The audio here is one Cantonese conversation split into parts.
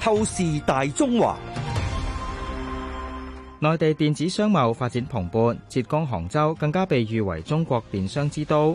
透視大中華，內地電子商貿發展蓬勃，浙江杭州更加被譽為中國電商之都。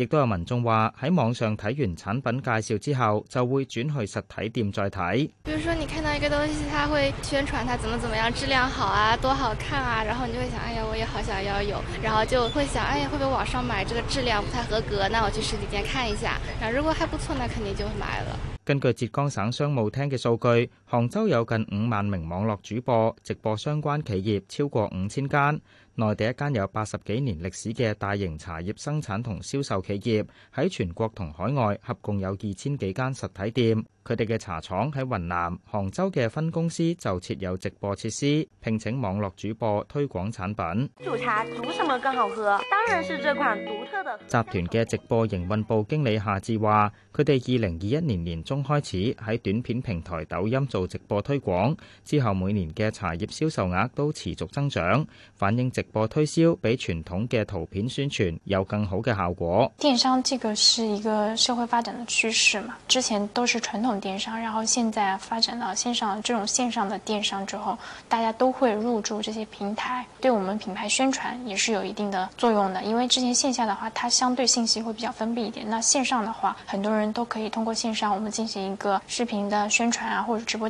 亦都有民眾話喺網上睇完產品介紹之後，就會轉去實體店再睇。比如說，你看到一個東西，它會宣傳它怎麼怎麼樣，質量好啊，多好看啊，然後你就會想，哎呀，我也好想要有，然後就會想，哎呀，會不會網上買這個質量不太合格？那我去實體店看一下。然後如果還不錯，那肯定就會買了。根據浙江省商務廳嘅數據，杭州有近五萬名網絡主播，直播相關企業超過五千間。內地一間有八十幾年歷史嘅大型茶葉生產同銷售企業，喺全國同海外合共有二千幾間實體店。佢哋嘅茶廠喺雲南，杭州嘅分公司就設有直播設施，聘請網絡主播推廣產品。煮茶煮什麼更好喝？當然是這款獨特的。集團嘅直播營運部經理夏志話，佢哋二零二一年年中開始喺短片平台抖音做。做直播推廣之後，每年嘅茶葉銷售額都持續增長，反映直播推銷比傳統嘅圖片宣傳有更好嘅效果。電商這個是一個社會發展的趨勢嘛，之前都是傳統電商，然後現在發展到線上，這種線上的電商之後，大家都會入駐這些平台，對我們品牌宣傳也是有一定的作用的。因為之前線下的話，它相對信息會比較封閉一點，那線上的話，很多人都可以通過線上我們進行一個視頻的宣傳啊，或者直播。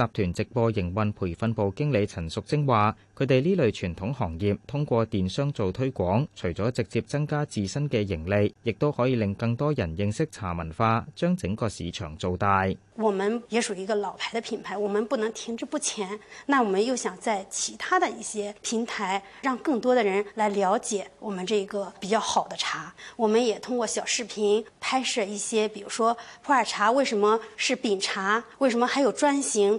集團直播營運培訓部經理陳淑貞話：佢哋呢類傳統行業通過電商做推廣，除咗直接增加自身嘅盈利，亦都可以令更多人認識茶文化，將整個市場做大。我們也屬於一個老牌的品牌，我們不能停滯不前。那我們又想在其他的一些平台，讓更多的人來了解我們這個比較好的茶。我們也通過小視頻拍攝一些，比如說普洱茶為什麼是餅茶，為什麼還有磚形。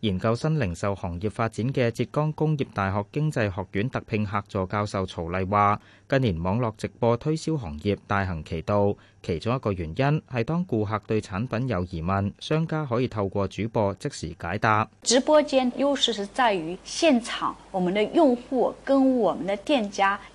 研究新零售行業發展嘅浙江工業大學經濟學院特聘客座教授曹麗話，近年網絡直播推銷行業大行其道，其中一個原因係當顧客對產品有疑問，商家可以透過主播即時解答。直播間優勢是在於現場，我們的用戶跟我們的店家。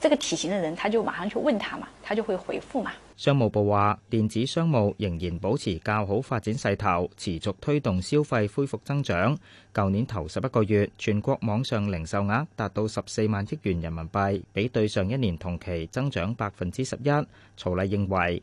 這個體型的人，他就馬上去問他嘛，他就會回覆嘛。商務部話，電子商務仍然保持較好發展勢頭，持續推動消費恢復增長。舊年頭十一個月，全國網上零售額達到十四萬億元人民幣，比對上一年同期增長百分之十一。曹麗認為。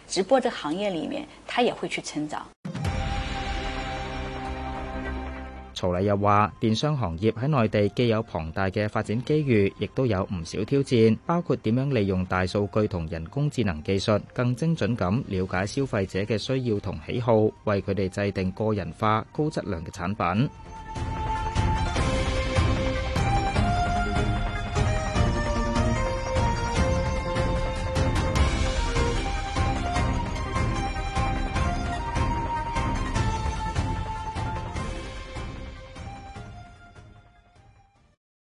直播嘅行業裏面，他也會去成長。曹麗又話：電商行業喺內地既有龐大嘅發展機遇，亦都有唔少挑戰，包括點樣利用大數據同人工智能技術，更精準咁了解消費者嘅需要同喜好，為佢哋制定個人化、高質量嘅產品。